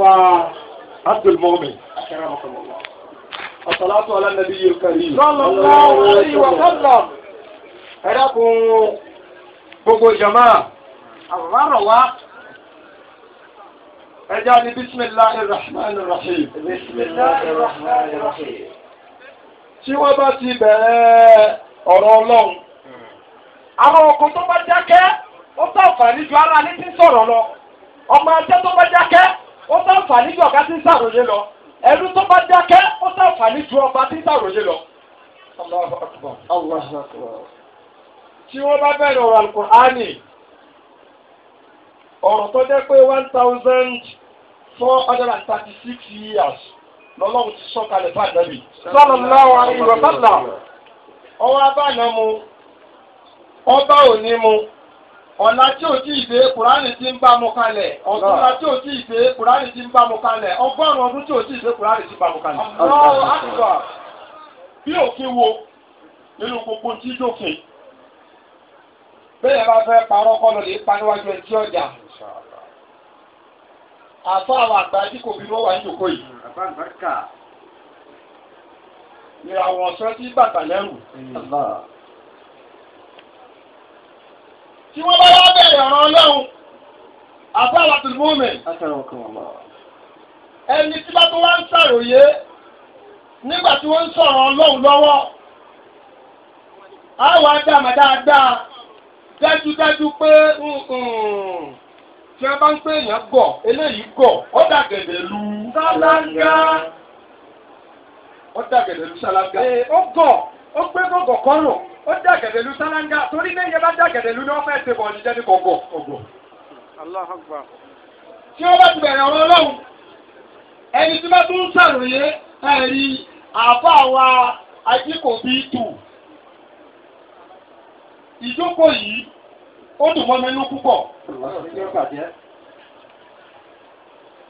وعبد المؤمن أكرمكم الله الصلاة على النبي الكريم صلى الله عليه وسلم ẹ̀dàkùn gbogbo jama àwòrán wa ẹja ni bisimilahi rahman rahim bisimilahi rahman rahim tí wọ́n bá ti bẹ̀rẹ̀ ọ̀rọ̀ ọlọ́run àwọn ọkùnrin tó bá dákẹ́ ó sàǹfààní ju ara ní ti sọ̀rọ̀ lọ ọmọ ajá tó bá dákẹ́ ó sàǹfààní ju ọ̀gá tí ń sàròyé lọ ẹ̀rú tó bá dákẹ́ ó sàǹfààní ju ọba tí ń sàròyé lọ. tí wọ́n bá bẹ̀rẹ̀ ọ̀rọ̀ alukur'ani ọ̀rọ̀ tó jẹ́ pé one thousand four hundred and thirty six years lọ́lọ́run ti sọ kalẹ̀ fún àdàbí. sallallahu alaihi wa sallam ọwọ́ abáàná mu ọba òní mu ọ̀la tí ò tí ì dé kùránì ti ń bá mu kalẹ̀ ọ̀túnla tí ò tí ì dé kùránì ti ń bá mu kalẹ̀ ọgọ́rùn-ún ọdún tí ò tí ì dé kùránì ti ń bá mu kalẹ̀. ọ̀rọ̀ àtúbà bí òfin wo nínú gbogbo tí dókè bẹ́ẹ̀ bá fẹ́ parọ́ kọ́lọ̀ lè pa níwájú ẹtí ọjà àfọ àwọn àgbà tí kò bínú wà níjòkó yìí. ìràwọ̀ ọ̀sẹ̀ tí bàtà lẹ́rù tí wọ́n bá wá bẹ̀rẹ̀ ọ̀rọ̀ ọlọ́run àbára tìlúmọ̀mẹ̀. ẹni tí bá tó wá ń ṣàròyé nígbà tí wọ́n ń sọ̀rọ̀ ọlọ́run lọ́wọ́ á wà dàmà dáadáa dájúdájú pé tí wọ́n bá ń pè èèyàn gọ̀ eléyìí gọ̀ ó dàgẹ̀dẹ̀ lu. sálágà ó dàgẹ̀dẹ̀ lu sálágà. ó gọ̀ ó gbé gbọ̀ngàn kan rò ó dàgẹ̀dẹ̀ lu sálángà torí lẹ́yìn yẹn bá dàgẹ̀dẹ̀ lu ní wọ́n fẹ́ẹ́ ṣe bọ̀ ní jẹ́ni kọ̀ọ̀kọ̀. tí wọ́n bá ti bẹ̀rẹ̀ ọ̀rọ̀ ọlọ́run ẹni tí bá tún ń ṣàròyé ẹ̀rí àbá wa ajíkòbí tù ìjókòó yìí ó dùn mọ́ mi nú púpọ̀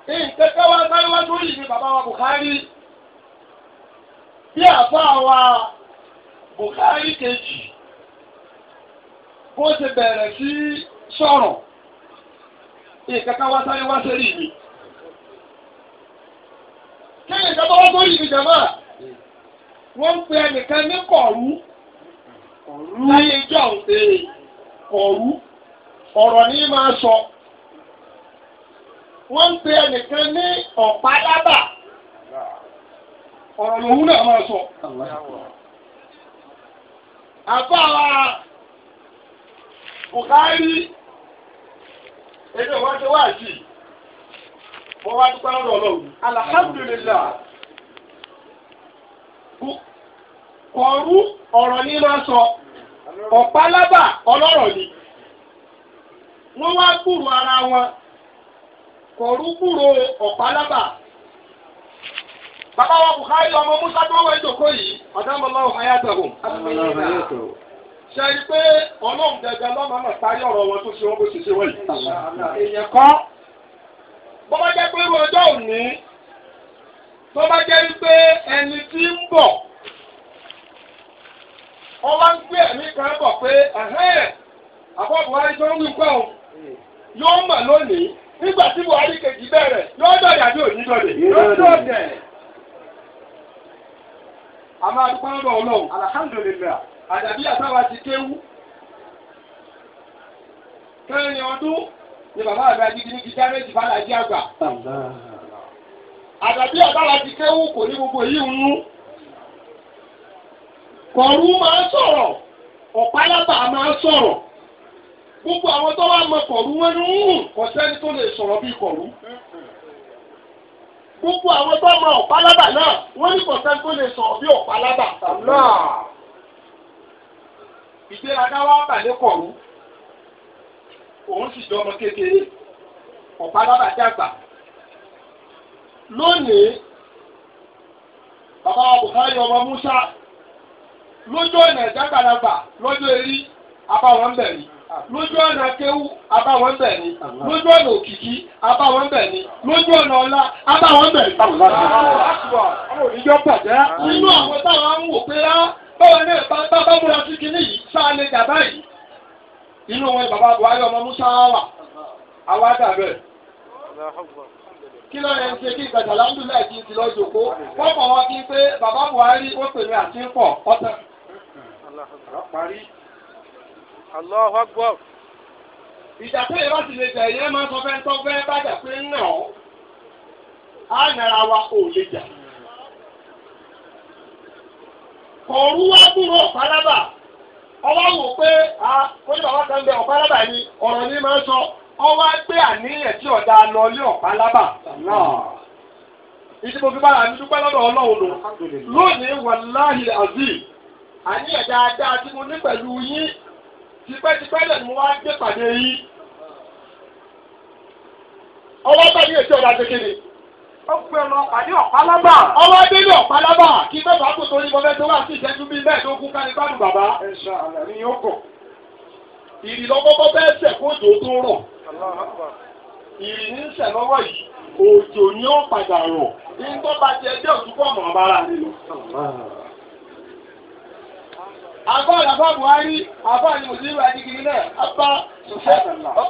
ìtẹ́tẹ́ wa táyé wá lórí ní bàbá wa Buhari bí àbá wa Bùkárí kejì bó ṣe bẹ̀rẹ̀ sí sọ̀rọ̀ ìkẹ́kẹ́ wá sáré wá sẹ́rí mi. Kí ni ìjọba wọ́n tó yìí jẹ̀mọ́? Wọ́n ń pe ẹnìkan ní kọ̀ọ̀rú. Láyé ìjọ òde kọ̀ọ̀rú ọ̀rọ̀ ní máa sọ. Wọ́n ń pe ẹnìkan ní ọ̀pá lábà. Ọ̀rọ̀ lòun náà máa sọ. àbáwa Buhari èdè wọn wá sí mo wá dúpẹ́ lọ́dọ̀ ọlọ́run alhamdulilah kọ̀ọ̀rú ọ̀rọ̀ ni máa sọ ọ̀pálábà ọlọ́rọ̀ ni wọ́n wá gbúrò ara wọn kọ̀ọ̀rú gbúrò ọ̀pálábà bàbá wa Buhari ọmọ Musa tó wọ ìjòkó yìí ọ̀dọ́mọlọ́wọ́ ayátọ̀hún. ṣe é pé ọlọ́run gẹ́gẹ́ lọ́mọ náà parí ọ̀rọ̀ wọn tó ṣe wọn bó ṣe ṣe wọ̀nyí. èèyàn kọ́ bó bá jẹ́ pé irú ọjọ́ òní tó bá jẹ́ pé ẹni tí ń bọ̀ wọ́n ń gbé ẹ̀mí kan bọ̀ pé Buhari tó ń a máa dúpẹ́ lọ́dọ̀ ọlọ́run alhamdulillah àdàbí àtàwà ti kéwú kẹrin ọdún ni bàbá àgbà gidigidi ti dáréjì fàlàjì àgbà àdàbí àtàwà ti kéwú kò ní gbogbo èyí ń nú kọ̀ọ̀rú máa ń sọ̀rọ̀ ọ̀pálábà máa ń sọ̀rọ̀ gbogbo àwọn tó wá mọ kọ̀ọ̀rú wọn ń hùn kò sẹ́ni tó lè sọ̀rọ̀ bí kọ̀ọ̀rú gbogbo àwọn tó mọ ọ̀pálábà náà wọ́n ní kọ̀ọ̀kan tó lè sọ̀rọ̀ bí ọ̀pálábà. ìgbéraga wa bàlẹ́ kọ̀ọ̀rú òun sì jọmọ kékeré ọ̀pálábà dàgbà. lónìí bàbá Buhari ọmọ Musa lójú ọ̀nà ìjàgbàlagbà lọ́jọ́ eré abáwọn bẹ̀rẹ̀ lójú ọ̀nà kéwú abáwọn bẹ̀ ni lójú ọ̀nà òkìkí abáwọn bẹ̀ ni lójú ọ̀nà ọlá abáwọn bẹ̀ ni. ìjọ pàjẹ́ inú àwọn táwọn ń wò pé báwo ni bàbá bá múra sí kinní yìí sáà lè gà báyìí inú wọn bàbá Buhari ọmọ Musa wà àwa dàbẹ̀ kí ló yẹ ń ṣe kí ìgbàjà lámúlẹ̀ kí n ti lọ jòkó wọ́n mọ̀ wọn kí pé bàbá Buhari ó pè mí àti ń pọ̀ ọ̀tẹ̀. Allahu Akbar. ìjà tó yẹ bá ti lè jà ìyẹn máa sọ fẹ́ẹ́ tán fẹ́ẹ́ bá jà pé ń nà ọ́ á nara wa ò lè jà. kọ̀ọ̀rú wá gbúrò ọ̀pálábà ọwọ́ wò pé a kóní bàbá kan bẹ ọ̀pálábà ni ọ̀rọ̀ ni máa ń sọ ọwọ́ gbé àníyàn tí ọ̀dà lọ ní ọ̀pálábà ìdí mo fi bára mi dúpẹ́ lọ́dọ̀ ọlọ́run lò lónìí wàláhì azeez àníyàn dáadáa tí mo ní pẹ̀lú yín tipẹ́tipẹ́ lẹ̀ ni mo wá gbé pàdé yìí ọwọ́ bá ní èsì ọ̀dà kékeré. ó pe ọ̀nà pàdé ọ̀pálábà. ọwọ́ dé ní ọ̀pálábà kí bàbá kò torí mo fẹ́ wá sí ìṣẹ́jú bíi mẹ́ẹ̀ẹ́dógún ká ní gbádùn bàbá. ẹ̀ṣọ́ àlẹ́ ni yóò kọ̀. ìrì lọ́kọ́kọ́ kó jò tó rọ̀. ìrì ní sẹ̀ yìí òjò ni ó padà rọ̀ ní bá ti ẹjẹ́ òtúkọ̀ mọ̀ àbá àlàbà buhari àbá ni mùsùlùmí àdìgìrì náà àbá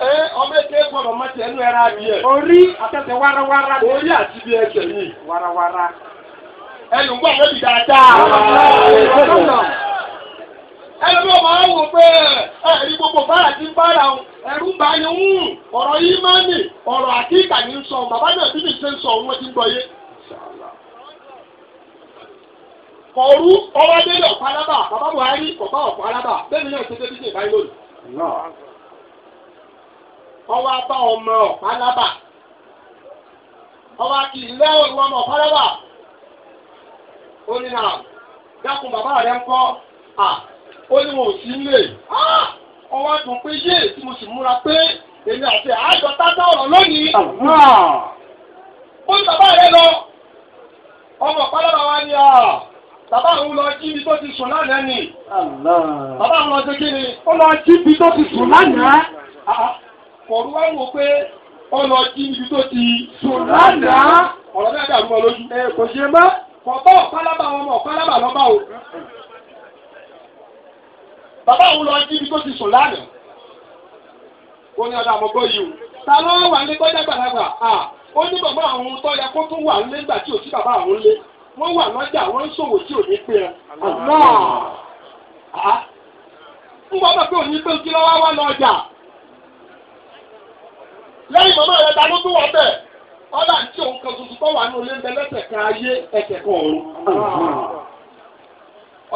ẹ ọmọ ẹgbẹ gbọ́dọ̀ mọtì ẹnu ẹran adìẹ. orí àtẹsẹ warawara orí àti bí ẹsẹ yìí. warawara. ẹnu gbọ́ àwọn ẹbí dáadáa. ẹnu bí ọmọ àwọn ẹ ẹni gbogbo bára ti ń bára o ẹrú bá yẹn ń ọ̀rọ̀ yìí máa ń ọ̀rọ̀ sọ bàbá náà kọ̀ọ̀rú ọwọ́ délé ọ̀pá alábà bàbá Buhari ọ̀pá ọ̀pá alábà bẹ́ẹ̀ni náà ṣe débi ṣe báyìí lónìí. ọwọ́ abá ọmọ ọ̀pá alábà ọwọ́ akì ilé òru ọmọ ọ̀pá alábà ó ní náà dákun bàbá rẹ̀ ń kọ́ à ó ní wọn ò sí nílé ọwọ́ dùn pé yé tí mo sì múra pé èmi àti àjọ tátá ọ̀rọ̀ lónìí. ó ní bàbá rẹ̀ lọ ọmọ ọ̀pá alábà wá ní à. Bàbá òun lọ jí ibi tó ti sùn lánàá ni. Bàbá òun lọ ṣe kí ni? Ó lọ jí ibi tó ti sùn lánàá. Ah, ah. Kọ̀ọ̀rú wá wò pé ó lọ jí ibi tó ti sùn ah. lánàá. Ọ̀rọ̀ náà dàrú mọ́ lójú. Ẹ eh, kò ṣe mọ́. Kọ̀ọ̀bọ̀ ọ̀pálábà wọn mọ̀ ọ̀pálábà lọ́bà o. Bàbá òun lọ jí ibi tó ti sùn lánàá. Ó ní ọ̀dà àmọ́gbọ́ yìí o. Ta ló wà ní gbọ́dọ̀ gbàlagbà? Ó ní bàbá àwọn tó yẹ kó tún wà nígbà tí ò sí bàbá àwọn lé wọ́n wà lọ́jà wọ́n ń ṣòwò tí ò ní pé ẹ. ń bọ́ bọ́ pé òní pé kí lọ́wọ́ wá lọ́jà. lẹ́yìn mọ́mọ́ rẹ̀ ta ló tún wọ́n bẹ̀ ọ̀dà tí òun kan tuntun tó wà ní olé ń bẹ lẹ́sẹ̀ kan ayé ẹsẹ̀ kan ọ̀run.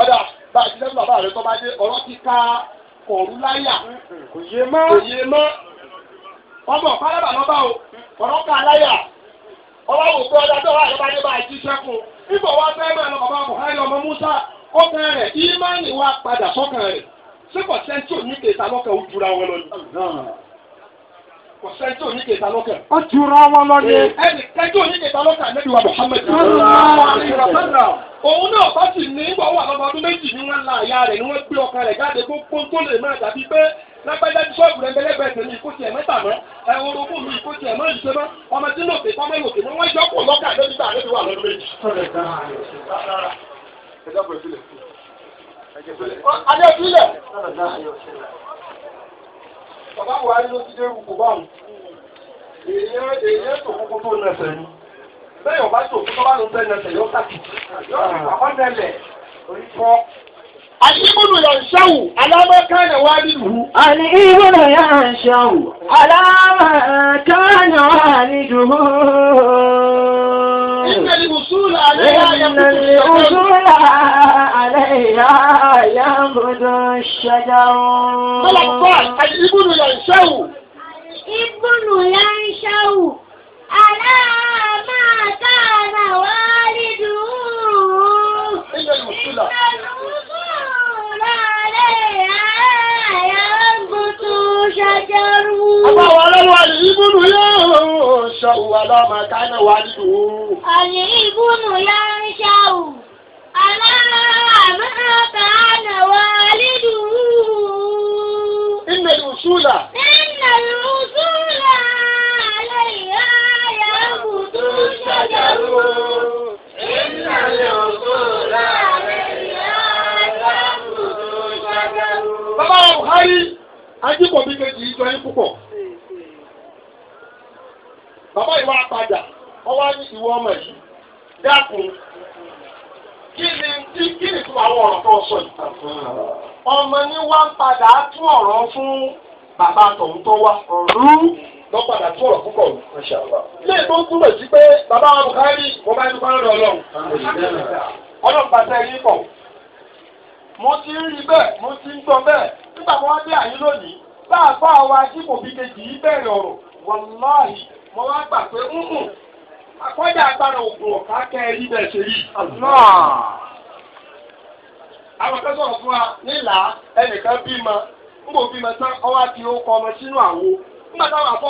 ọ̀dà bá a ti lẹ́nu bàbá rẹ̀ tó bá dé ọ̀rọ̀ ti ká kọ̀ọ̀rú láyà. kò yé e e mọ́. ọmọ ọ̀pá lọ́ba o ọ̀rọ̀ ká láyà. ọwọ́ òkú ọjà tó wà lọ́ba ní bá a jí sẹ́kù bíbọ̀ wá fẹ́ máa lọ bàbá buhari ọmọ musa ọkàn rẹ̀ ìmánì wa padà sọ́kàn rẹ̀ ṣé kò sẹ́ńtì oníkèéta lọ́kàn ó jura wọn lọ kò sẹ́ńtì oníkèéta lọ́kàn. ó jura wọn lọ ẹnì sẹ́ńtì oníkèéta lọ́kàn nẹ́bí wa muhammed. òun náà bá sì ní ìgbà wà lọ́mọ méjì ni wọ́n la àyà rẹ̀ ni wọ́n gbé ọkàn rẹ̀ jáde kó kó tó lè máa dàbí pé lágbájá tí sọ́ọ̀bù rẹ̀ mẹ́lẹ́bẹ̀ tèmi kó tiẹ̀ mẹ́ta mọ́ ẹ orogún mi kó tiẹ̀ mọ́ ìṣe mọ́ ọmọ tí lòkè kọ́ mẹ́lòkè mọ́ wọ́n jọ kó lọ́kà lórí tá a lórí wà lọ́dún méjì. Adé ìpínlẹ̀. Bàbá Buhari ló ti dé rúkú báwọn. Èèyàn èèyàn tó kúkú tó nẹsẹ̀ tó kúkú bá ló ń bẹ́ nẹsẹ̀ yóò Àlìbùnù yànṣáwù alámọ́kánà wá nílùú. Àlìbùnù yànṣáwù alámọ́kánà wá nílùú. Ìgbẹ̀lì Mùsùlùmí àlẹ́yà yàmùdó ṣẹjáwó. Mọ́lọ̀pọ̀ àlìbùnù yànṣáwù. Ìbùnù yànṣáwù alámọ́kánà wá nílùú. Ìgbẹ̀lì Mùsùlùmí. Àbáwọ̀ ọlọ́wọ́ àlè ìbùnú yóò ṣọ̀wù àlọ́mọ káná wà nínú. Àlè ìbùnú yóò ń ṣọ̀wù àlọ́mọ káná wà nínú. Inna al-usula. Inna al-usula alayha yaqutu shajaru. Inna al-usula. bàbá wa Buhari ajíkọ̀bí kejì ìjọ yín púpọ̀ bàbá ìwà àpàdà ọwọ́ ní ìwọ ọmọ yìí dákun kí ni tí kí ni tó àwọn ọ̀rọ̀ tó sọ yìí. ọmọ ní wá ń padà tún ọ̀rọ̀ fún bàbá tọ̀hún tó wá ọ̀rú lọ padà tún ọ̀rọ̀ púpọ̀ rù. ilé tó ń túbọ̀ sí pé bàbá Buhari mo máa ń dúpẹ́ lọ́dọ̀ Ọlọ́run. Ọlọ́run yín pọ̀. mo ti ń rí bẹ́ẹ̀ mo ti ń gbọ́ bẹ́ẹ̀ nígbà tó wá dé àyín lónìí báàbá wa tí kò bí kejì yìí bẹ̀rẹ̀ ọ̀rọ̀ wọláhì mo wá gbà pé ńkùn akọ́jà agbára ọ̀ká kẹ́ ẹ rí bẹ́ẹ̀ ṣe rí. àwọn fún wa nílà ẹnìkan bímọ ń bò bímọ tán afọ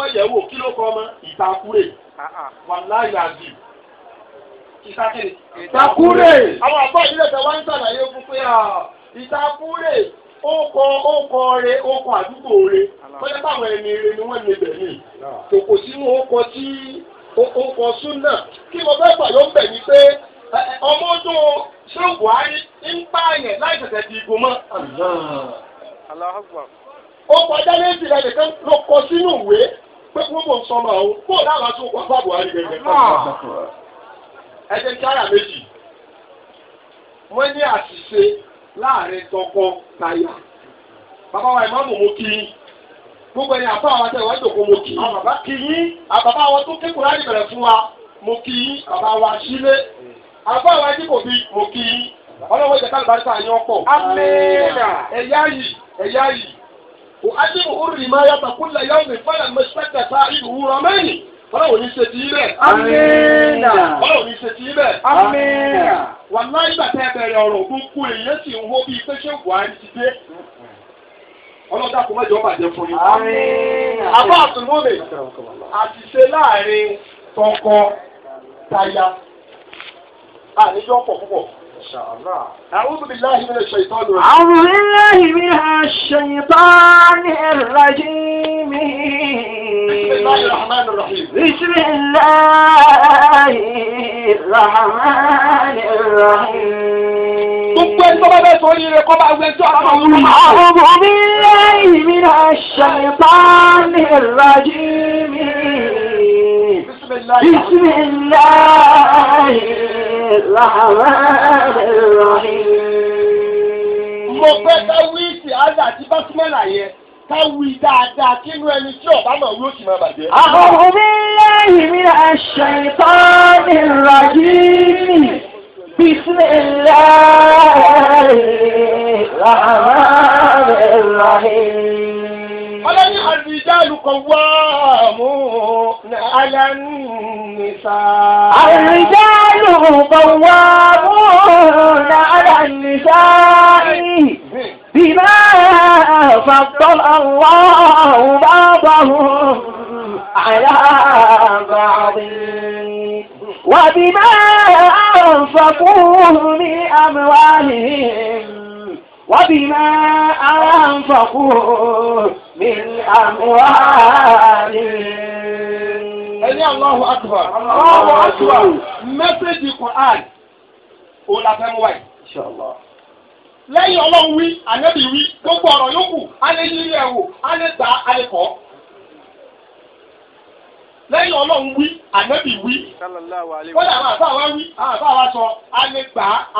ìyẹ̀wò kí ló kọ ọmọ ìtakúrè ah, ah. ìtakúrè ókọ ókọ rẹ ókọ àdúgbò rẹ wọ́n yẹ káwọn ẹni rẹ ni wọ́n lè bẹ̀ mí kòkò sínú ókọ tí ókọ súnà kí mo fẹ́ pàdó bẹ̀ ni pé ọmọ ọdún ṣé Buhari ń pààyàn láì tẹ̀tẹ̀ di igun mọ́. ó kọjá léèdì rẹ nìkan ló kọ sínú ìwé pé wọ́n mọ̀ ń sọmọ àwọn kó o dáhùn àti òkú àbá Buhari gẹ̀gẹ̀ ẹ jẹ́ kí ara méjì wọ́n ní àṣìṣe láàrin tọkọ taya bàbá wa ìmọ̀mù mo kí i gbogbo ẹ̀yin àbá wa tẹ̀ wá jòkó mo kí i àwọn bàbá kí yín àbàbá wa tó kékeré láti bẹ̀rẹ̀ fún wa mo kí i bàbá wa sílé àbá wa ẹni kò bí mo kí i ọlọ́wọ́ ìjẹ̀ká àlùbáríkà yín ọ̀pọ̀ ẹ̀yá yìí ẹ̀yá yìí kò ájímù orí máa yàtọ̀ kúlẹ̀ yọ̀ mí fọlẹ̀ mẹ́sẹ̀kẹ̀ tá ìlú wúrọ̀ mẹ́yìn ọlọ́wọ́ ní se ti ilẹ̀ ọlọ́wọ́ ní ṣe ti ilẹ̀ wà láyé gbàtẹ́ bẹ̀rẹ̀ ọ̀rọ̀ gbogbo èèyàn sì ń hó bí pé ṣé Buhari ti dé ọlọ́dà kò mẹ́jọ bàjẹ́ fún yín. abá àtúnmọ́lẹ̀ àṣìṣe láàrin tọkọ taya àníjọ́ pọ̀ púpọ̀. إن شاء الله أعوذ بالله من الشيطان الرجيم أعوذ بالله من الشيطان الرجيم بسم الله الرحمن الرحيم بسم الله الرحمن الرحيم أعوذ بالله من الشيطان الرجيم بسم الله الرحمن الرحيم. الرحمن الرحيم mo fẹ́ ká wí sí àdá àti básímẹ́là yẹn ká wí dáadáa kínú ẹni tí ọ̀bá mọ̀ wí òsì máa bàjẹ́. أعوذ بالله من الشيطان الرجيم بسم الله الرحمن الرحيم ọlọ́ni àdìjálù kan wá mú alánìsà. àdìjálù kan wá mú alánìsà bímá fàtọ́lá wọ́n bá bá wọn àyà bá rí. وبما أنفقوا من وبما أنفقوا من أموالهم ẹni Allahu akbar Allahu akbar mẹ́sẹ̀gì Quran òun fẹ́ mú lẹ́yìn ọlọ́run wí ànábì wí gbogbo ọ̀rọ̀ a yí ẹ̀wò a lè a kọ́. lẹ́yìn ọlọ́run wí wí a gbà a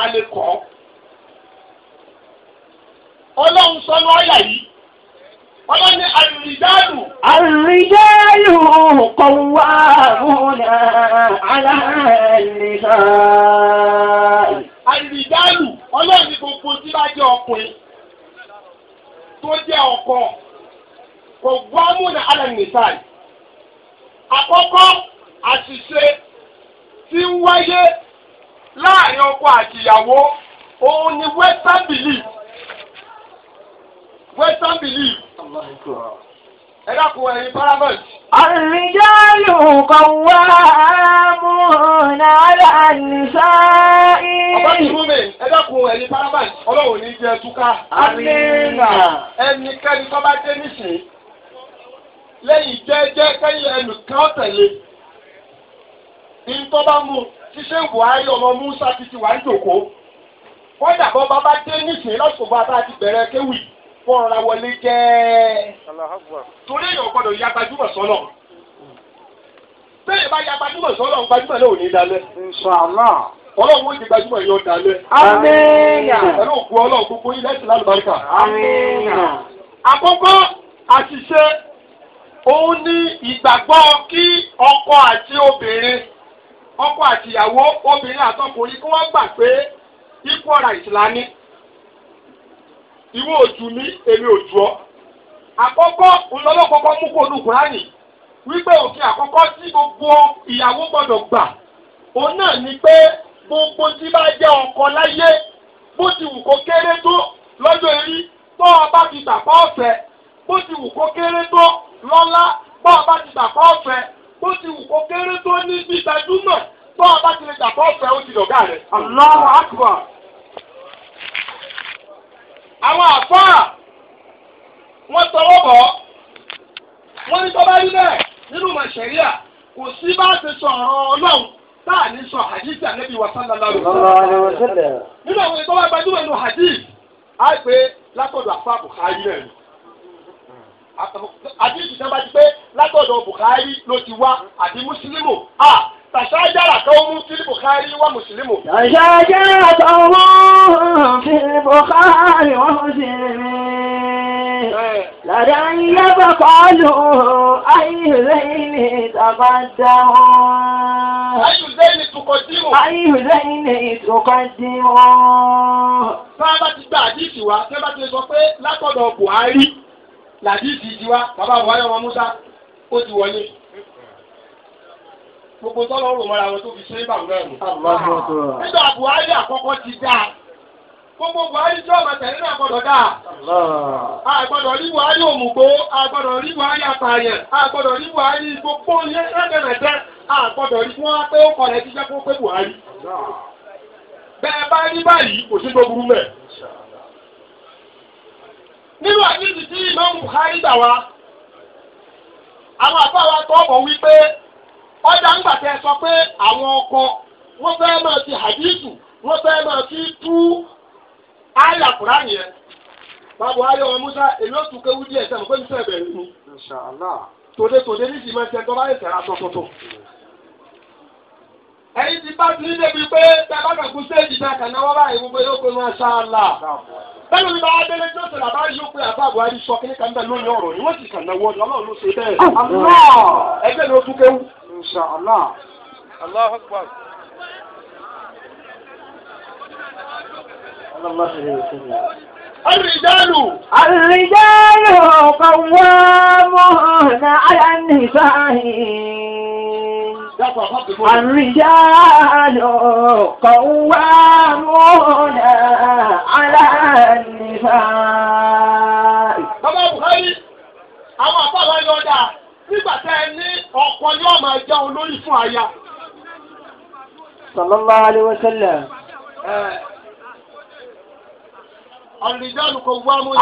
ọlọ́run sọ ní ọ̀yà yìí ọlọ́run ní àrìdáàlù. àrìdáàlù kọ̀wá múnà aláìníṣà. àrìdáàlù ọlọ́run ní gbogbo tí bá jẹ́ ọkùnrin tó jẹ́ ọkọ kọ̀wá múnà aláìníṣà. àkọ́kọ́ àṣìṣe tí ń wáyé láàrin ọkọ àti ìyàwó òun ni western belief western belief. ẹ dákun ẹ̀yin paramount. àrùnjáàlù kan wá àmúhùn àlá nìṣá. ọba tí fún mi ẹ dákun ẹ̀yin paramount ọlọ́run ní jẹ́ túká. àmínà. ẹnikẹ́ni tó bá dé nísìnyí lẹ́yìn jẹ́jẹ́ kẹ́yìn ẹnìkan tẹ̀lé ìtọ́ bá mu ṣiṣẹ́ buhari ọmọ musa ti ti wà ń jòkó kọ́ńdà bọ́ bá bá dé nísìnyí lọ́sọ̀gbọ́n abá ti bẹ̀rẹ̀ kéwì fọ́nra wọlé jẹ́ torí èèyàn gbọ́dọ̀ ya gbajúmọ̀ sọ́nà bẹ́ẹ̀ bá ya gbajúmọ̀ sọ́nà gbajúmọ̀ náà ò ní dalẹ̀. ọlọ́run ó di gbajúmọ̀ yóò dalẹ̀. àmín. ẹ̀rọ òkú ọlọ́run gbogbo yín lẹ́sìn lálùbáríkà. àmín. àkọ́kọ́ àṣìṣe òun ní ìgbàgbọ́ kí ọkọ àti obìnrin ọkọ àti ìyàwó obìnrin àtọkùnrin kí wọ́n gbà pé equal right la ìwọ òjù mi èmi òjù ọ àkọ́kọ́ ńlọ́lọ́kọ́kọ́ mú kó olùkùnránì wípé òfin àkọ́kọ́ tí gbogbo ìyàwó gbọ́dọ̀ gbà òun náà ni pé gbogbo tí bá jẹ́ ọkọ láyé bó ti wù kó kéré tó lọ́jọ́ eré tó ọba ti gbà pa ọ̀fẹ́ bó ti wù kó kéré tó lọ́lá tó ọba ti gbà pa ọ̀fẹ́ bó ti wù kó kéré tó ní gbígbàdúmọ̀ tó ọba ti lè gbà pa ọ̀fẹ́ ó ti dọ̀gá rẹ̀ àwọn àfáà wọ́n tọwọ́ bọ̀ wọ́n ní tó bá rí bẹ́ẹ̀ nínú mọ̀ṣẹ̀ríà kò sí bá ti sọ ọ̀rọ̀ ọlọ́run tá à ní sọ hadith ànábì wa sallallahu alaihi wa sallam nínú àwọn ìtọ́wọ́ gbajúmọ̀ nínú hadith á gbé látọ̀dọ̀ àfa Bukhari rẹ̀ hadith ìjọba ti pé látọ̀dọ̀ Bukhari ló ti wá àti Muslimu a tàṣájára kọ́ọ̀mù fi Bukhari wá Muslimu. tàṣájára kọ́ọ̀mù fi Bukhari. المحسنين لدن يبقالوا أي ذين تقدموا أي ذين تقدموا أي ذين تقدموا Bábá ti gba àdìsí wa, tí wọ́n bá ti sọ pé látọ̀dọ̀ Buhari làdìsí ti wa, bàbá Buhari ọmọ Musa, ó ti wọlé gbogbo tọ́lọ́ rò mọ́ra gbogbo buhari tí ọba tẹ̀lé náà gbọ́dọ̀ dáa. a rí buhari òmùgbó a gbọ́dọ̀ rí buhari apààyàn a rí buhari gbogbo yẹn lẹ́gbẹ̀rẹ̀dẹ́ a rí fún pé ó kọlẹ̀ jíjẹ́ fún pé buhari. bẹẹ bá rí báyìí kò sí tó mẹ. nínú àdìsí tí buhari gbà wá àwọn àbá wa tọ́ wípé ọjà ńgbà sọ pé àwọn ọkọ wọ́n fẹ́ máa ti hadithu wọ́n fẹ́ máa ayé àkùrá yẹn báwo ayé ọmọ musa èmi ò tún kéwu díẹ̀ sẹ́nu ebe mi sẹ́ẹ̀ tode mi. tòde tòde ní ìsìn máa ń tẹ́ ti bá ti ní débi pé tẹ bá kú séèjì náà kàn náwó báyìí gbogbo yóò pé sọ ọ̀rọ̀ ni wọ́n kàn náwó ọ̀dọ̀ ọlọ́run ló ṣe الرجال الرجال قوامون على النساء الرجال قوامون على النساء bàbá buhari àwọn àpáwọ̀ ẹ̀yọ́ dà nígbà tẹ́ ẹ ní ọkọ yóò máa jẹ́ olórí fún aya. sallallahu alayhi wa sallam. الرجال قوامون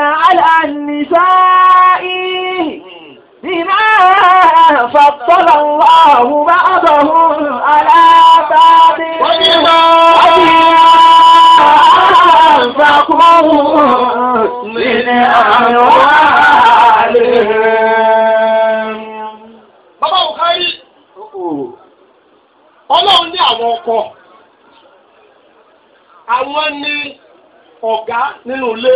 على النساء بما فضل الله بعضهم على بعض وبما أنفقوا من أموالهم. Bàbá Bùkárí, ọlọ́run ní àwọn ọkọ. àwọn ní ọ̀gá nínú ilé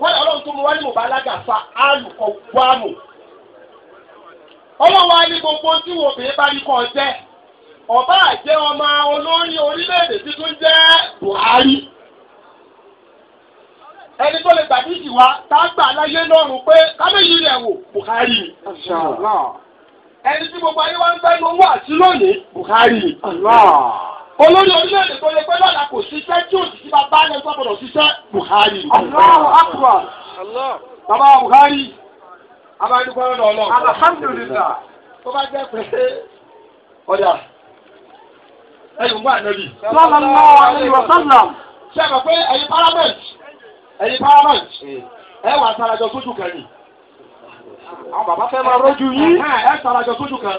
wọ́n ọlọ́run tó mú wáyé fa alágàfa àlùkò wáàmù ọlọ́wọ́ á ní gbogbo tí wọ́n bèé bá kọ́ jẹ́ ọba àjẹ́ ọmọ olórí orílẹ̀-èdè tuntun jẹ́ Buhari ẹni tó lè gbàdíjì wa tá a gbà láyé lọ́rùn pé kábíyì rẹ̀ wò Buhari ẹni tí gbogbo ayé wa ń Buhari. olórí orílẹ̀-èdè tó lè pẹ́ lọ́la kò ṣiṣẹ́ tí òsì sí bàbá rẹ̀ gbọ́dọ̀ ṣiṣẹ́ Buhari. bàbá Buhari tó bá jẹ́ pé mú pé wà sójú kan ni. àwọn bàbá fẹ́ máa rọ́jú yín. sójú kan.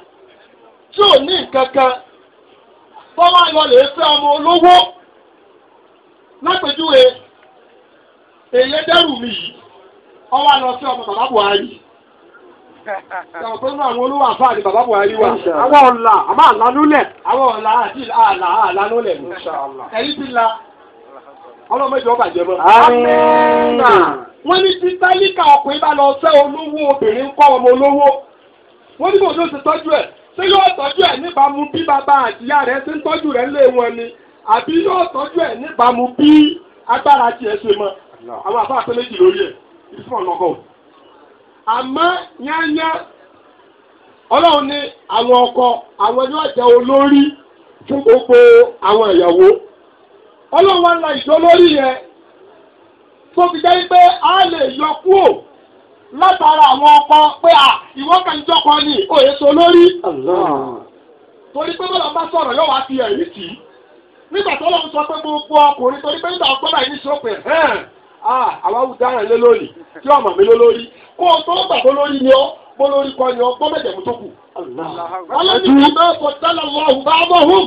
tí ò ní kankan bọ́lá yọ lè fẹ́ ọmọ olówó lápèjúwe èyí dẹ́rù mi yìí ọwọ́ lọ sí ọmọ bàbá Buhari yàtọ̀ pé nínú àwọn olówó àfáà ni bàbá Buhari wà àwọn ọ̀la àmọ́ àlá lólẹ̀ àwọn ọ̀la àti àlà àlá lólẹ̀ ẹ̀yìn ti la ọlọ́mọ ìjọba bàjẹ́ mọ́. wọ́n ní tí tálíkà ọkùnrin ọmọ olówó wọ́n ní ti tọ́jú ṣé yóò tọ́jú ẹ̀ níbàámu bí bàbá àtìyá rẹ̀ ṣe ń tọ́jú rẹ̀ lé wọn ni àbí yóò tọ́jú ẹ̀ níbàámu bí agbára tiẹ̀ ṣe mọ́ àwọn àbá àtẹlẹ́jì lórí ẹ̀ ìfún ọ̀nàkọ̀. àmọ́ yányá ọlọ́run ní àwọn ọkọ àwọn yóò jẹ́ olórí fún gbogbo àwọn ìyàwó ọlọ́run wa ń la ìjọ lórí yẹn tó pé a lè yọ kúrò látara àwọn ọkọ pé à ìwọ́n kan jọkọ ni òye so lórí. torí pé bọ́lá bá sọ̀rọ̀ yóò wá fi ẹ̀rí tì í nígbà tó lọ́n sọ pé gbogbo ọkùnrin torí pé nígbà ọgbọ́n báyìí ní sọ́pẹ̀ hẹ́n àwa wù dáhùn lé lórí tí ọmọ mi ló lórí kó o tó gbà tó lórí ni ó bó lórí kọ ni ó gbọ́ mẹ́tẹ̀ẹ̀mú tó kù. ọlọ́ni kò náà kò tẹ́lẹ̀ lọ ọ̀hún bá bọ̀ hùm.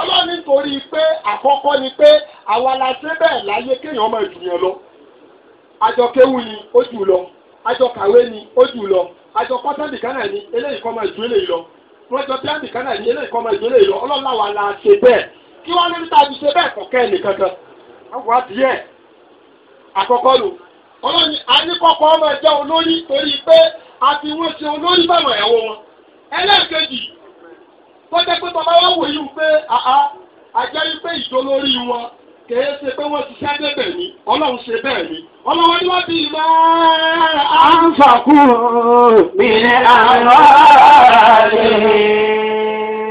ọlọ́ni torí pé àkọ́kọ́ ni pé àwa la ṣe bẹ́ẹ̀ láyé kéèyàn máa jù yẹn lọ àjọ kéwù ni ó jù lọ àjọ kàwé ni ó jù lọ àjọ kọ́tẹ́ǹdì kánà ni eléyìí kọ́ máa ju eléyìí lọ wọ́n jọ kánà ni eléyìí kọ́ máa ju eléyìí lọ ọlọ́lá la ṣe bẹ́ẹ̀ kí wọ́n níbi tá a ti ṣe bẹ́ẹ̀ kọ̀kẹ́ nìkankan àwọn adìyẹ àkọ́kọ́ lò ọlọ́ni aníkọ́kọ́ ọmọ ẹ̀jẹ̀ olórí torí pé àti wọ́n ṣe olórí bàmọ̀ ẹ̀wọ̀ wọn ẹlẹ́ẹ̀kejì tó jẹ́ pé bàbá wa wòye wù pé àá àjẹ́ wípé ìjọ lórí wọn kèé ṣe pé wọ́n ti ṣáde bẹ̀ ni ọlọ́run ṣe bẹ́ẹ̀ ni ọlọ́wọ́ ni wọ́n ti mọ́. à ń fàkú mi ní àná rẹ̀.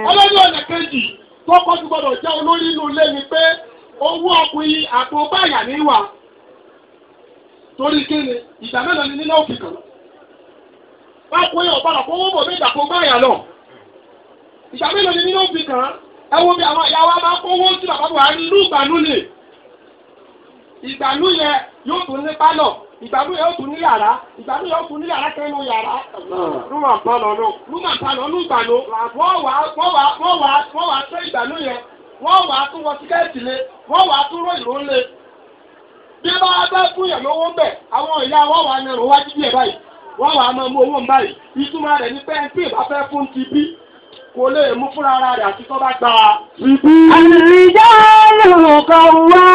ọlọ́ni ọ̀nà kejì tó kọ́jú gbọ́dọ̀ ni pé owó ọkùnrin àpò báyà níwà ìgbà mélòó ni nínú òfin kan ọkùnrin ọ̀bọ̀lọ̀pọ̀ owó bò mí ìgbà kó báyà lọ ìgbà mélòó ni nínú òfin kan. ewu wo bí àwọn ìyá wa máa ń kówó sí bàbá Buhari irú ìgbàlú lè ìgbàlú yẹn yóò tún ní pálọ̀ ìgbàlú yẹn yóò tún ní yàrá ìgbàlú yẹn yóò tún ní yàrá kẹ́nu yàrá. rúmà pálọ̀ pálọ̀ ìgbàlú. wọ́n wọ lé wọ́n tún ró ìró lé. a bá fún yàn lówó bẹ̀ àwọn ìyá wọ́n wájú bí ẹ̀ báyìí wọ́n máa mú owó báyìí ìtumọ̀ rẹ̀ fún ti kò lè mú fúnra ara rẹ̀ àti tó bá gba. Ìjà lùkọ̀ wá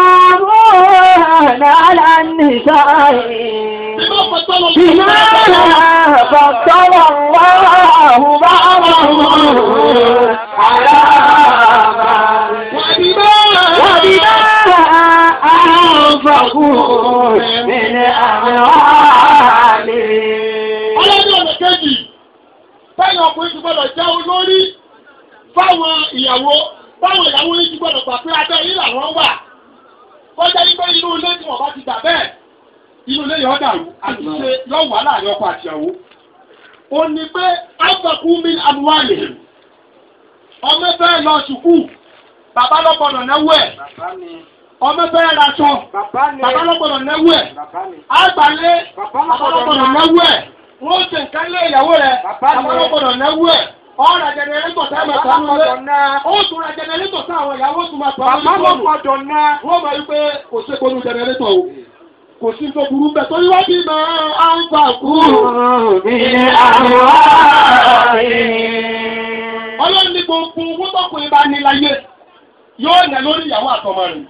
mú àlàlà nìta yìí. Bímọ bàtọ́wọ̀ wá àhùbá àwọn àlàbà. Wàbíbá àwọn fàkùn nínú àwọn. ọkùnrin ti gbọ́dọ̀ jẹ́ olórí fáwọn ìyàwó fáwọn ìyàwó yìí ti gbọ́dọ̀ gbà pé abẹ́ yìí làwọn wà kọjá ipé inú ilé tí wọ́n bá ti gbà bẹ́ẹ̀ inú ilé yọ̀ọ́ dàrú àti ṣe lọ́wọ́ láàrin ọkọ àti ìyàwó ó ní pé ábàkú mi amúhàlè ọmọ fẹ́ lọ sùkú bàbá lọ́gbọ̀dọ̀ náwó ẹ̀ ọmọ fẹ́ ra bàbá lọ́gbọ̀dọ̀ náwó ẹ̀. wọ́n ṣe nǹkan ilé ìyàwó rẹ̀ àwọn ọgbọ̀nà náwó ẹ̀ ọ̀rọ̀ jẹnẹrétọ̀ máa tọ́ ọ́ lé ó tún ra jẹnẹrétọ̀ àwọn ìyàwó tún máa tọ́ ọ́ lé fóònù wọ́n máa rí pé kò sí polú jẹnẹrétọ̀ o kò sí tó burú bẹ́ẹ̀ torí wọ́n máa ń kú. ọlọ́run ní gbogbo owó yóò lórí ìyàwó àtọmọ rẹ̀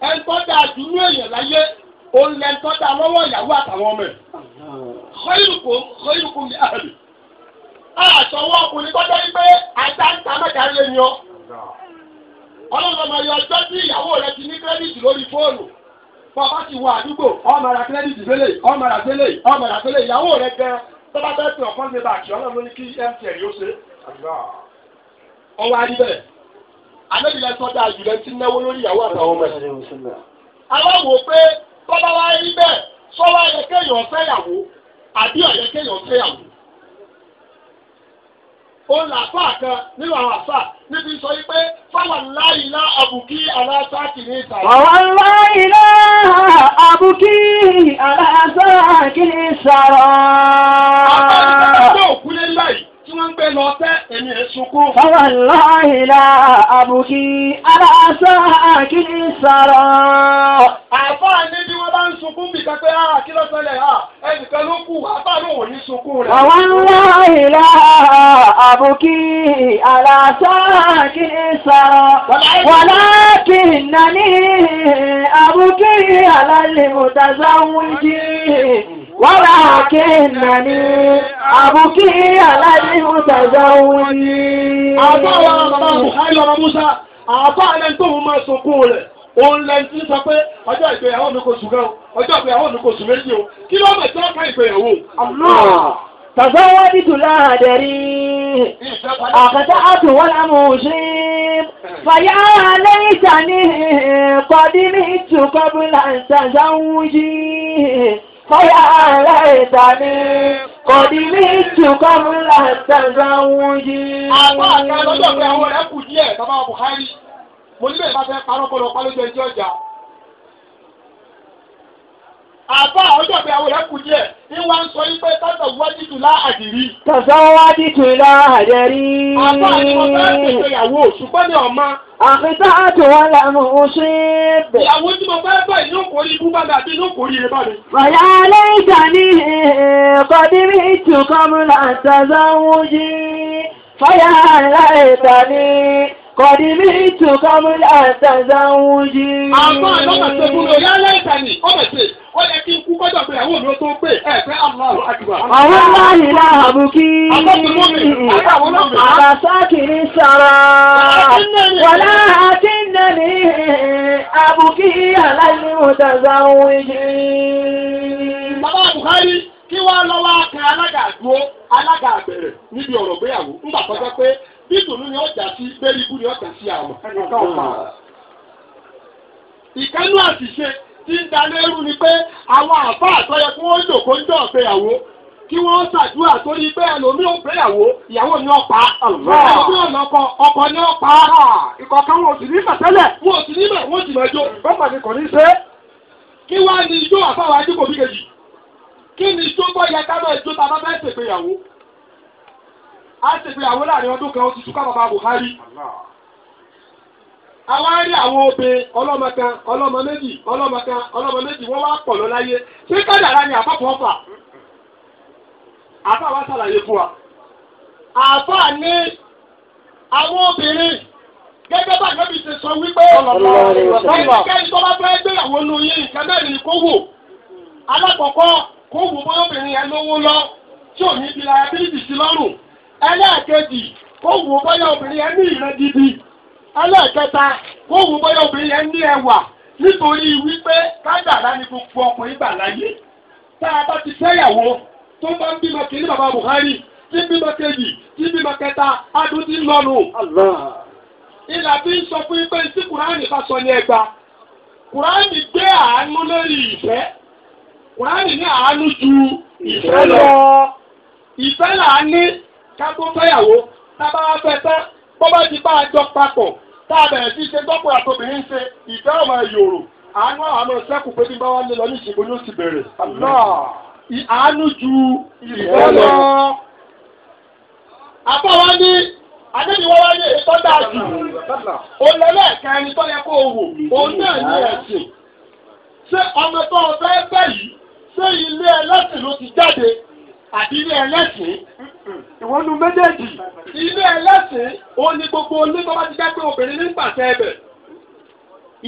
ẹni tó dáa jù ní èèyàn láyé òun lẹni tó dáa lọ́wọ́ ìyàwó àtàwọn ọmọ ẹ̀. khairukum khairukum li ahli. àtọwọ́ ọkùnrin tó dé pé àtàǹtà mẹ́ta lé ni ọ. ọlọ́run ọmọ yọ ọjọ́ tí ìyàwó rẹ ti ní kírẹ́dìtì lórí fóònù bọ́ọ̀bá ti wọ àdúgbò ọmọ ara kírẹ́dìtì gbélé ọmọ ara gbélé ọmọ ara gbélé ìyàwó rẹ gan tọ́ba bẹ́ẹ̀ pé ọ̀pọ̀ ń gbé bàtì ọlọ́run ní kí mtn yóò ṣe. ọwọ́ adíbẹ̀ àlejò lẹ́tọ́ dáa jùlọ ti náwó lórí ìyàwó àtàwọn ọmọ ẹ̀. aláwo pé bọ́lá wa rí bẹ́ẹ̀ sọ́wọ́ ayẹ kéèyàn fẹ́yàwó àbí ọ̀yẹ kéèyàn fẹ́yàwó. ó là fà kan nínú àwọn àfà níbi sọ yí pé fáwọn láìlá àbùkí aláṣáàkì ní ìta. àwọn láìlá àbùkí aláṣáàkì ní ìsàrọ̀. àbájáde òkúlé láì èmi ẹ̀ la àbùkí aláṣà kí n sọ̀rọ̀. Àbá ni bí wọ́n bá ń sunkún bí pẹ́pẹ́ á ah, kí ló ṣẹlẹ̀ ah, ló kù àbá ló wò sunkún rẹ̀. Fọwọ́láhì la àbùkí aláṣà kí n sọ̀rọ̀. Wàlá kì í nà ولكنني أبكي على المتزوج àbáwọ̀ bàbá buhari ọmọ musa àbáwọ̀ ẹni tó mú máa sunkún rẹ̀ òun lẹ́yìn tí sọ pé ọjọ́ ìgbéyàwó mi kò sùn gan ọjọ́ ìgbéyàwó mi kò sùn méjì o kí ló mọ̀ tí wọ́n ká ìgbéyàwó. Tàbí wọ́n ti tù láàdẹ̀rí, àkàtà àtù wọ́n lámù sí, fàyà lẹ́yìn tàní, kọ́dí mi tù kọ́bùlà tàzáwùjì. Fọ́yà ara ìta ni kò ní ní ìtùkọ́ mú làǹtàǹtà wọ́n yìí. Àwọn àgbà pé àwọn ẹ̀kú díẹ̀ bàbá Buhari, mo níbẹ̀ bá fẹ́ parọ́ kọlọ̀ àbá ọjọ́ pé àwọn ẹ̀kú díẹ̀ ní wọ́n ń sọ yí pé tọ́tọ̀ wájú tù láàdìrí. tọ́tọ̀ wájú tù láàdìrí. àbá ni wọ́n fẹ́ ṣètò ìyàwó ṣùgbọ́n ní ọmọ. àfitá àti wọn là ń mú sí bẹ̀. ìyàwó tí mo fẹ́ bẹ̀ yóò kórè ikú bá dàbí yóò kórè ẹ bá mi. bàyá aláìsà ní eh, kọ́dírí ìtùkọ́mùlà tọ́tọ̀ wújí fọ́yà aláìsà ní kọ̀dí mi ìtùkọ́mùlà tọ́tọ̀ wújí. àbá wọ́n yẹ kí n kú gbọ́dọ̀ àwọn òbí tó pè ẹ̀ pé aláàrú àdìgbà. àwọn láàyè láàbù àbùkí aláìní òdàzà òun yìí. bàbá Buhari kí wọ́n lọ́wọ́ akẹ́ alága àdúró alága àbẹ̀rẹ̀ níbi ọ̀rọ̀ gbéyàwó ńgbà tó fẹ́ pé bí ni sí ni sí àwọn. tí ń dalérú ni pé àwọn àbá àtọ́yẹ kí wọ́n lò kó ń jọ ọ̀gbéyàwó kí wọ́n ṣàdúrà torí pé ẹlòmí ò gbéyàwó ìyàwó ni ó pa ẹlòmí ò lọ́kọ ọkọ ni ó pa ìkọ̀kan wọn ò sì ní mọ̀ tẹ́lẹ̀ wọn ò sì ní mọ̀ wọn ò sì mọ̀ jó bọ́pà ni kò ní ṣe kí wá ní ijó àbáwá dípò bí kejì kí ni ijó bọ́ yẹ ká máa jó tá bá fẹ́ ṣègbéyàwó a ṣègbéyàwó láàrin ọdún kan ó ti àwárí àwọn obìnrin ọlọ́mọ kan ọlọ́mọ méjì ọlọ́mọ kan ọlọ́mọ méjì wọ́n wá pọ̀ lọ láyé ṣé kádàrá ni àpapọ̀ ọ̀fà àfa wa ṣàlàyé fún wa àfa ní àwọn obìnrin gẹ́gẹ́ bá àgbẹ̀bí ṣe sọ wípé ẹnikẹ́ni tó bá fẹ́ gbéyàwó nu yín nǹkan bẹ́ẹ̀ ni kó wò alákọ̀ọ́kọ́ kó wò bóyá obìnrin yẹn lówó lọ tí ò ní ibi liability sí lọ́rùn ẹlẹ́ẹ̀kejì kó wò bóyá obìnrin yẹn ní ìran gidi ẹlẹ́ẹ̀kẹta kóhùn bóyá obìnrin yẹn ní ẹwà nítorí wípé kádàrá ni gbogbo ọkùnrin gbà láyé tá a bá ti fẹ́yàwó tó bá ń bímọ kìíní bàbá Buhari tí ń bímọ kejì tí ń bímọ kẹta adùn ti ìlà bí ń sọ fún pé tí Kùránì bá sọ ní ẹgbà Kùránì gbé àánú lórí ìfẹ́ Kùránì ní àánú ju ìfẹ́ lọ. ìfẹ́ là á ní ká tó fẹ́yàwó tá a bá wá fẹ́ tán bọ́ ti bá a jọ papọ̀ tá a bẹ̀rẹ̀ sí ṣe gbọ́pọ̀ àtòbìnrin ṣe ìfẹ́ ọmọ yòrò àánú àánú sẹ́kù pé bí bá wá lé lọ ní ìṣègùn yóò sì bẹ̀rẹ̀ àánú ju ìfẹ́ lọ. àbá wa ní adébíwá wa ní ètò dáa jù òlẹ́lẹ̀ kẹrin tó yẹ kó o wò òun náà ní ẹ̀sìn ṣé ọmọ tó o fẹ́ bẹ́ yìí ṣé ilé ẹlẹ́sìn ló ti jáde àbí ilé ẹlẹ́sìn ìwọ́nú méjèèjì ilé ẹlẹ́sìn ó ní gbogbo ilé tó bá ti jẹ́ pé obìnrin ní pàṣẹ ẹbẹ̀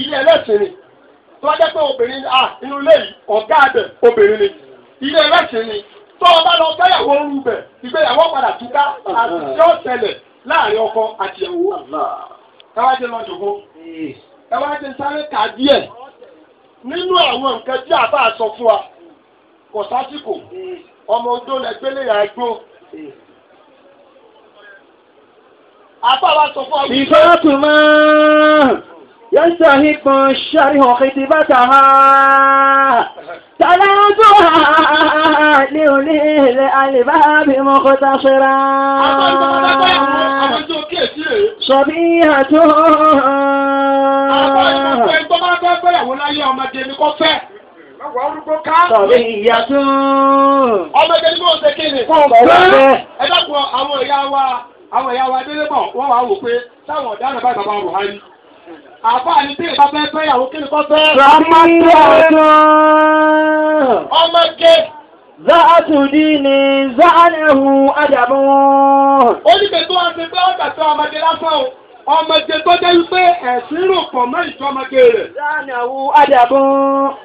ilé ẹlẹ́sìn ni tó bá jẹ́ pé obìnrin à inú ilé yìí ọ̀gá abẹ obìnrin ni ilé ẹlẹ́sìn ni tó o bá lọ fẹ́yàwó ń rúbẹ̀ ìgbéyàwó padà túká àti yóò ṣẹlẹ̀ láàrin ọkọ àti ìyàwó ẹ wá jẹ́ lọ́jọ́ fún ẹ wá jẹ́ sáré kà díẹ̀ nínú àwọn nǹkan tí àbá sọ fún wa kò ọmọ ojó lẹgbẹlẹ yà gbó. àbá wa sọ fún ọ. ìfọwọ́ tún máa yẹ́sọ̀ ìkan ṣàrí ọ̀kẹ́ ti bá ta ha tàlẹ́jọ́ ní òní ilẹ̀ alìbáàbí mọ́kọta ṣẹ́ra sọ̀bí àtúhọ́. àbá ìgbàgbọ́ bá fẹ́ fẹ́yàwó láyé ọmọdé ní kò fẹ́ wà arúgbó ká. sọ̀rọ̀ ìyá tún. ọmọ ẹgbẹ́ ni mò ń ṣe kí ni. àwọn ìyá wa délé bọ̀ wọ́n wàá wò pé táwọn ọ̀daràn bá bàbá Buhari. àbá ni tí ìbá fẹ́ fẹ́ ìyàwó kí ni kò fẹ́. ramadu ọ̀nà. ọmọ ké. Záàtùdí ni Záàlẹ̀hùn Adàmú. Ó ní pẹ̀lú àti pé ọmọdé tó dé wípé ẹ̀sìn rò pọ̀ mọ́ ìtọ́mọdé rẹ̀. láàrin àwọn adàbọ̀n.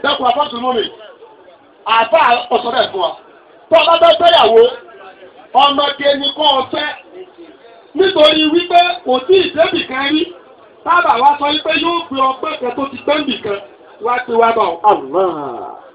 dẹ́kun afọ́tún mú mi àbá ọ̀sọ̀rọ̀ ẹ̀fọ́ wa tó bá bẹ́ fẹ́yàwó ọmọdé ni kò fẹ́ nítorí wípé kò tí ì kan rí tábà wá sọ wípé yóò gbé ọgbẹ́ kan tó ti gbẹ́ǹbì kan wá ti wá bá ọ.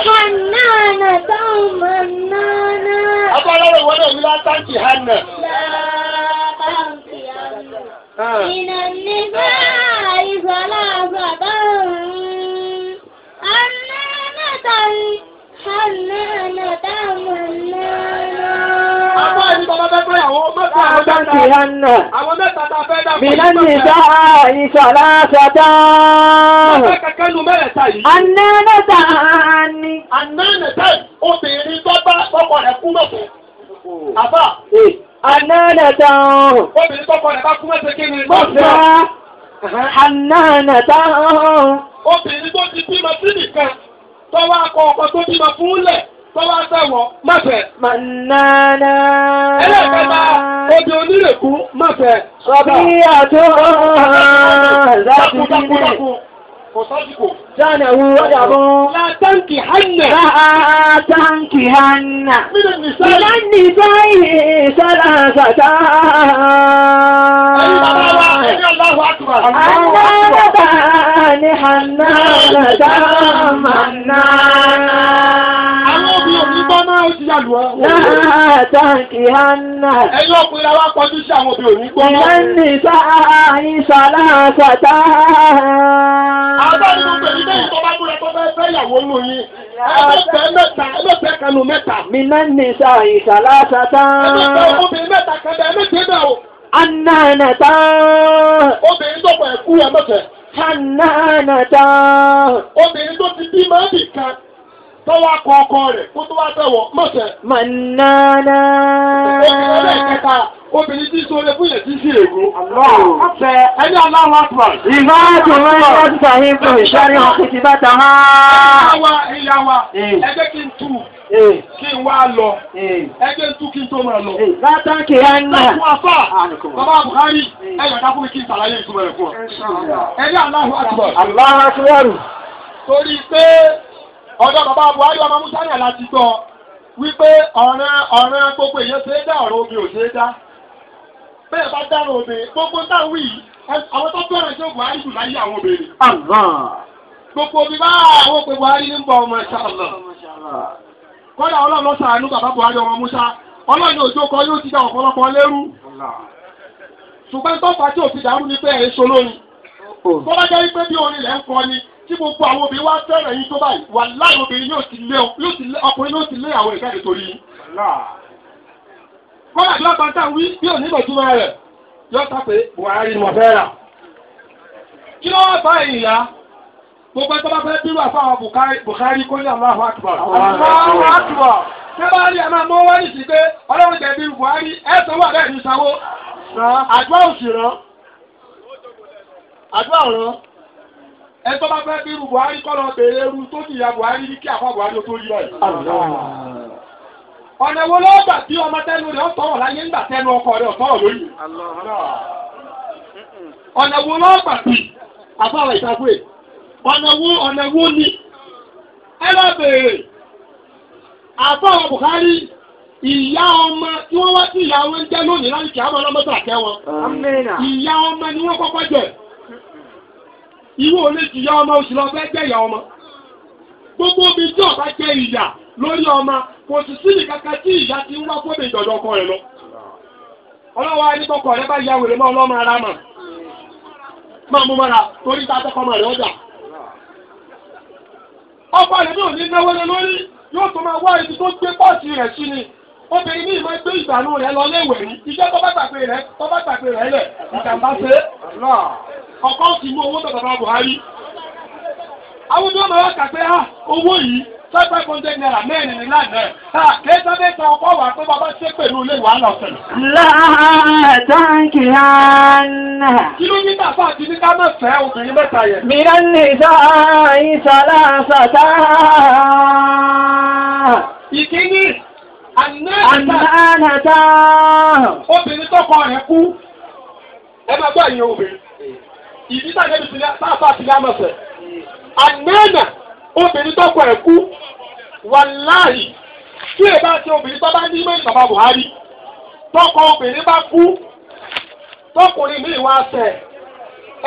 Hànáànà táwọn náà. Abọ́lá rẹ̀ wọlé ìlú Látáǹkì Hànà. Látáǹkì Hànà. Ìnàní bá ìsọ̀lá àgbàdo rẹ̀. Hànáànà táwọn mọ̀ náà pẹ́pẹ́ àwọn mẹ́ta àwọn mẹ́ta àwọn mẹ́ta ta fẹ́ dá fún ìgbà mẹ́ta. bílẹ̀ nìdá ìṣọ̀lá ṣọ̀dá. mẹ́ta kẹ́kẹ́ nu mẹ́rẹ̀ta yìí. ànánẹ́ta ni. ànánẹ́ta obìnrin tó bá ọkọ rẹ̀ kú mọ̀tò. àbá. ànánẹ́ta. obìnrin tó ọkọ rẹ̀ bá kú mọ̀tò kí ni. mọ̀tò. ànánẹ́ta. obìnrin tó ti bímọ sí nìkan tọ́wọ́ akọ ọkọ tó bímọ fún lẹ̀ tọ́wọ́ sẹ́wọ̀ mọ̀fẹ́. mọ̀nàdà. ẹlẹ́kẹ̀ta obì onírèkú mọ̀fẹ́. sọ́bí àtò láti dílé. Jánàwó ọjà fún. Látàǹkì hànà. Látàǹkì hànà. Ìlànà ìgbà yìí sára sàtà. Ẹ̀yin bàbá wa, ẹ̀yin ọ̀làwọ̀ àtùrà. Àwọn ọ̀rọ̀ bá ní hànà látàmànà ó ti yàlù ọ́. náà táǹkì hánà. ẹ̀yin ọkùnrin àwa kọjú sí àwọn obìnrin òní gbọ́n. ìyá ní sáà ìsàlá àṣàtà. àbáyọ̀ gbogbo èyí lẹ́yìn tó bá múra tó bá fẹ́ yàwó nù yín. ẹlẹ́fẹ̀ẹ́ mẹ́ta ẹlẹ́fẹ̀ẹ́ kanu mẹ́ta. mi náà ní sáà ìsàlá àṣàtà. ẹlẹ́fẹ̀ẹ́ obìnrin mẹ́ta kan bẹ́ẹ̀ mẹ́tẹ̀ẹ́ náà o. Anáànàtà. Obìnrin tó pẹ̀ kú ẹ̀ mọ̀tẹ̀. Anáànàtà. Obìnrin tó ti bí máa bì kan tọ́wọ́ akọ ọkọ rẹ̀ kó tó wá tẹ̀wọ̀ mọ̀tẹ̀. mànàná. ẹlẹ́ẹ̀kẹta obìnrin tí sọ lé fúnyẹ̀ tí sí èrò. ọ̀sẹ̀ ẹni aláwọ̀ àtúmọ̀. ìbá tó ń lọ sí sàhín fún ìṣẹ́rí ọkùnrin ti bá ta há. ìyáwá ìyáwá ẹgbẹ́ kí n tú kí n wá lọ ẹgbẹ́ n kí n tó máa lọ. látàkì ẹnà. lọ́kùn afá bàbá Buhari ẹ̀yọ̀ dákú mi kí n sàlàyé ìtumọ̀ rẹ̀ fún ọ. ẹni aláwọ̀ àtúmọ̀ ọ̀dọ̀ bàbá buhari ọmọ musa náà láti gbọ́ wípé ọ̀ràn ọ̀ràn gbogbo èèyàn ṣe é dá ọ̀rọ̀ omi ò ṣe é dá bẹ́ẹ̀ bá dára omi gbogbo táwọn yìí àwọn tó bẹ̀rẹ̀ ṣe buhari jù láyé àwọn obìnrin. gbogbo omi bá àwọn òpè buhari ní bọ ọmọ ẹ̀ṣá ọ̀nà kọ́dà ọlọ́run ló ṣàánú bàbá buhari ọmọ musa ọlọ́run òjò kan yóò ti dá ọ̀pọ̀lọpọ̀ lẹ́rú ṣùgbọ́n tó fà á tí òfin dàrú ni pé oh. ẹ̀ tí gbogbo àwọn obìnrin wá fẹ́ràn yín tó báyìí wà láì obìnrin yóò ti lé ọkùnrin yóò ti lé àwọn ìjáde torí yín. kọ́lá ìjọba bàtà wí bí òní ìgbàjúmọ́ rẹ̀ yóò sá pé Buhari ni fẹ́ rà. kí ló wá bá ìyá gbogbo ẹgbẹ́ bá fẹ́ bírú àfáwọn Buhari kó ní Allahu Akbar. Allahu Akbar. sẹ́bàárì ẹ̀ máa mú wọ́n ní pé ọlọ́run jẹ̀bi Buhari ẹ̀ sanwó àbẹ́ẹ̀ ní sanwó. àdúrà òsì rán àdúrà rán. ẹ bá fẹ́ Buhari kọ́ lọ eru tó ya Buhari ní kí Buhari ó tó yí báyìí. ọ̀nà wo ló tí ọmọ tẹnu rẹ̀ ọ̀tọ̀wọ̀ láyé ńgbà tẹnu ọkọ rẹ̀ ọ̀tọ̀wọ̀ lóyè. ọ̀nà wo ló tí ọ̀nà wo ọ̀nà wo ni ẹ lọ bèèrè Buhari ìyá ọmọ tí wọ́n wá sí ìyá wọn jẹ́ lónìí láti kí àwọn ọlọ́mọ irú olè ti yá ọmọ oṣù lọ fẹ́ gbẹ̀yà ọmọ gbogbo omi tí ọba jẹ ìyà lórí ọmọ kò sì sí ìkàkà tí ìyá ti ń wá ọkọ rẹ lọ ọlọ́wọ́ ayélujára rẹ bá ya wèrè mọ́ ọlọ́mọ ara mà máa mú mọ́ra torí ta tọkọmọ rẹ ọjà ọkọ rẹ náà ní náwó lórí yóò tó máa wá ni. obìnrin ní ìmọ̀ gbé ìgbàanú rẹ̀ lọ léwẹ̀ ní iṣẹ́ tó bá gbàgbé rẹ̀ tó bá ọkọ ti mú owó Buhari. àwọn máa kà pé ah, owó yìí sẹ́gbẹ́ kọ́ńtẹ́ náírà mẹ́rin ní bẹ́ẹ̀ ah, ọkọ wà pé bàbá ṣe pẹ̀lú ilé ìwà Ànánàtà. Obìnrin tọkọ rẹ̀ kú. Ẹ máa gbọ́ ìyẹn obìnrin. Ìdí tàbí ẹbí sáfà ti lámọ̀ sẹ̀. Ànánà obìnrin tọkọ rẹ̀ kú. Wàláhì tí èbá ti obìnrin tó bá ní mẹ́rin bàbá Buhari. Tọkọ obìnrin bá kú. Tọkùnrin mi ìwà sẹ̀.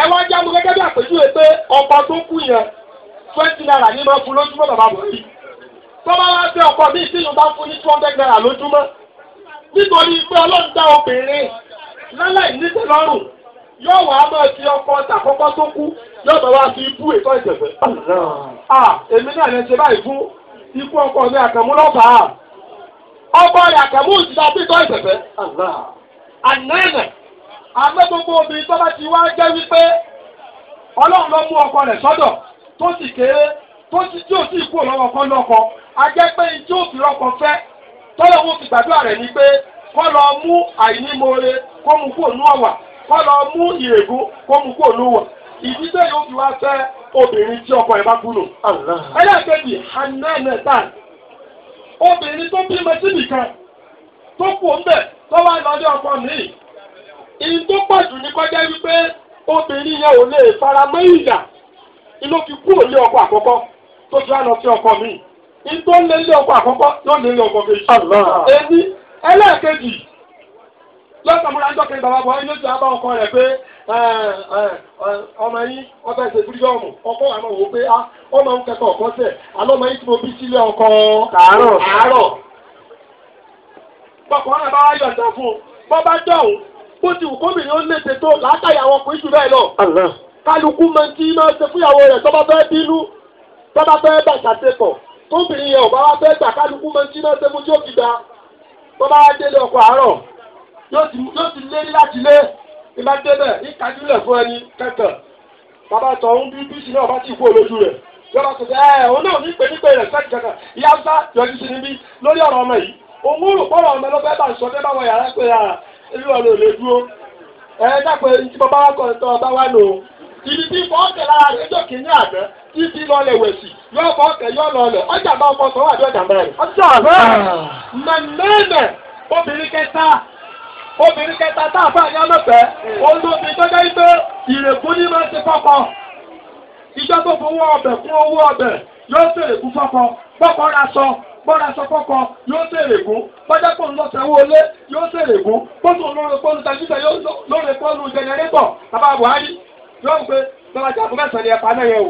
Ẹ wá jáde gẹ́gẹ́ bí àpèjúwe pé ọkọ tó kú yẹn twenty naira ní máa fún lójúmọ́ bàbá Buhari tọ́ba wá sí ọ̀pọ̀ bíi tí yorùbá fún ní two hundred naira lójúmọ́ nítorí pé ọlọ́run dá obìnrin lálẹ́ ìníṣẹ́ lọ́rùn yóò wá máa fi ọkọ tàkọ́kọ́ tó kú yóò bá wá sí ibú ètò ìjẹ̀fẹ́. èmi náà lè ṣe báyìí fún ikú ọkọ mi àkàmú lọ́fàá ọkọ rẹ̀ àkàmú òṣìṣẹ́ àbíkọ́ ìjẹ̀fẹ́. ànẹ́ẹ̀nẹ̀ àmọ́ gbogbo obìnrin tó bá ti wá jẹ́ wípé ọlọ́run ló mú ọkọ rẹ̀ sọ́dọ̀ tó sì kéré tó ti tí ò a jẹ́ pé ní tí ò fi rọ́kọ fẹ́ gbàdúrà pé kọ́ mú kó mu kó nú ọ̀wà kọ́ lọ mú ìrègùn kó mu kó nú wọ̀ yóò fi wá obìnrin tí ọkọ ẹ̀ bá kú nù. ẹlẹ́gbẹ̀bì obìnrin tó bímọ síbì kan tó tó wá lọ ní ọkọ mi. tó ní kọjá wípé ọkọ àkọ́kọ́. tó ti lọ sí ọkọ mi igbó lé lé ọkọ àkọ́kọ́ yóò lé lé ọkọ kejì èmi ẹlẹ́ẹ̀kejì lọ́sàmúra ńjọ́ kejì bàbá buhari ló ti ọkọ rẹ̀ pé ọmọ yín ọba ẹsẹ̀ fúrídọ́ọ̀mù ọkọ àmọ́ wò pé ah, ọmọ ń kẹtọ̀ ọ̀kọ́ sẹ̀ àlọ́ yín tí mo bí sílé ọkọ àárọ̀ àárọ̀ bọ́kùnrin bá wá yọ̀ǹda fún bọ́ bá dọ̀hún bó ti wù kómìnrin ó léṣe tó látàyàwó ọkùnrin jù bẹ́ẹ̀ lọ kálukú mọ tí máa ṣe fúyàwó rẹ̀ tó bá fẹ́ bínú tọ́ba fẹ́ gbà ṣàṣepọ̀ tóbìnrin yẹn ò gbà kálukú máa ń náà sẹ́mu fi tọ́ba délé ọkọ̀ àárọ̀ yóò ti lé láti lé ẹni bàbá tọ̀ ń bí kú olójú rẹ̀ yọba tó ṣe ẹ òun náà ní pé nípe rẹ̀ sẹ́kì kẹ̀kẹ́ ìyá ń sá yọjú sí lórí ọ̀rọ̀ ọmọ yìí òun rò pọ̀rọ̀ sọ fẹ́ ibi lọlẹ̀ wẹ̀sì yóò bọ́ ọ̀tẹ̀ yóò lọlẹ̀ ọjà bá ọkọ̀ sọ́wọ́ àbí ọjà mẹ́rin. ọjà ah. mẹ́rin. mẹ́mẹ́mẹ́ obìnrin kẹta obìnrin kẹta tá a fún àyà mẹ́fẹ́ olóbi tó dé pé ìrèkú ní máa ti kọ́kọ́ ìjọ tó fowó ọbẹ̀ fún owó ọbẹ̀ yóò tèrè kú fọ́kọ́ fọ́kọ́ ra sọ bọ́ra sọ fọ́kọ́ yóò tèrè kú bọ́jà pọ̀ lọ sẹ́wọ́ olé yóò tèrè kú pọ́sùn lóore pọ́lù tajíṣẹ́ yóò lóore pọ́lù jẹnẹrétọ̀ bàbá Buhari yóò gbé bàbá jàpọ̀ mẹ́sàn-án ni ẹ̀pá náà yẹ o.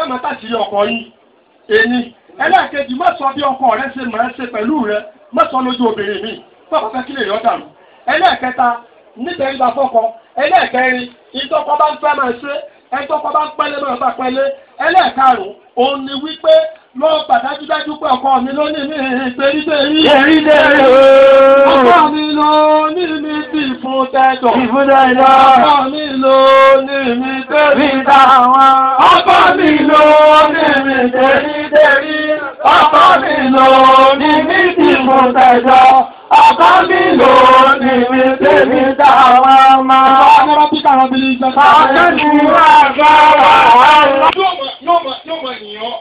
ẹ má tàṣí ọkọ yín ẹni ẹlẹ́ẹ̀kejì má sọ bí ọkọ rẹ ṣe máa ń ṣe pẹ̀lú rẹ má sọ lójú obìnrin mi fọwọ́ fẹ́ kí lè yọ̀ dànù ẹlẹ́ẹ̀kẹta nítorí bá fọkọ ẹlẹ́ẹ̀kẹrin ìtọ́kọ bá ń fẹ́ máa ṣe ẹtọ́kọ bá ń pẹ́lẹ́ máa bá pẹ́lẹ́ ẹlẹ́ẹ̀karùn-ún òun ni wípé lọ gbà dájúdájú pé ọkọ mi ló ní mi tẹ̀lítẹ̀lí. tẹ̀lítẹ̀lí ooo. ọkọ mi ló ní mi ti fún tẹ̀tọ̀. ìfún tẹ̀tọ̀. ọkọ mi ló ní mi tẹ̀lí táwọn. ọkọ mi ló ní mi tẹ̀lítẹ̀lí. ọkọ mi ló ní mi ti fún tẹ̀tọ̀. ọkọ mi ló ní mi tẹ̀lí táwọn ọkọ mi ló ní mi tẹ̀lí táwọn ọkọ mi ló ní mi tẹ̀lí táwọn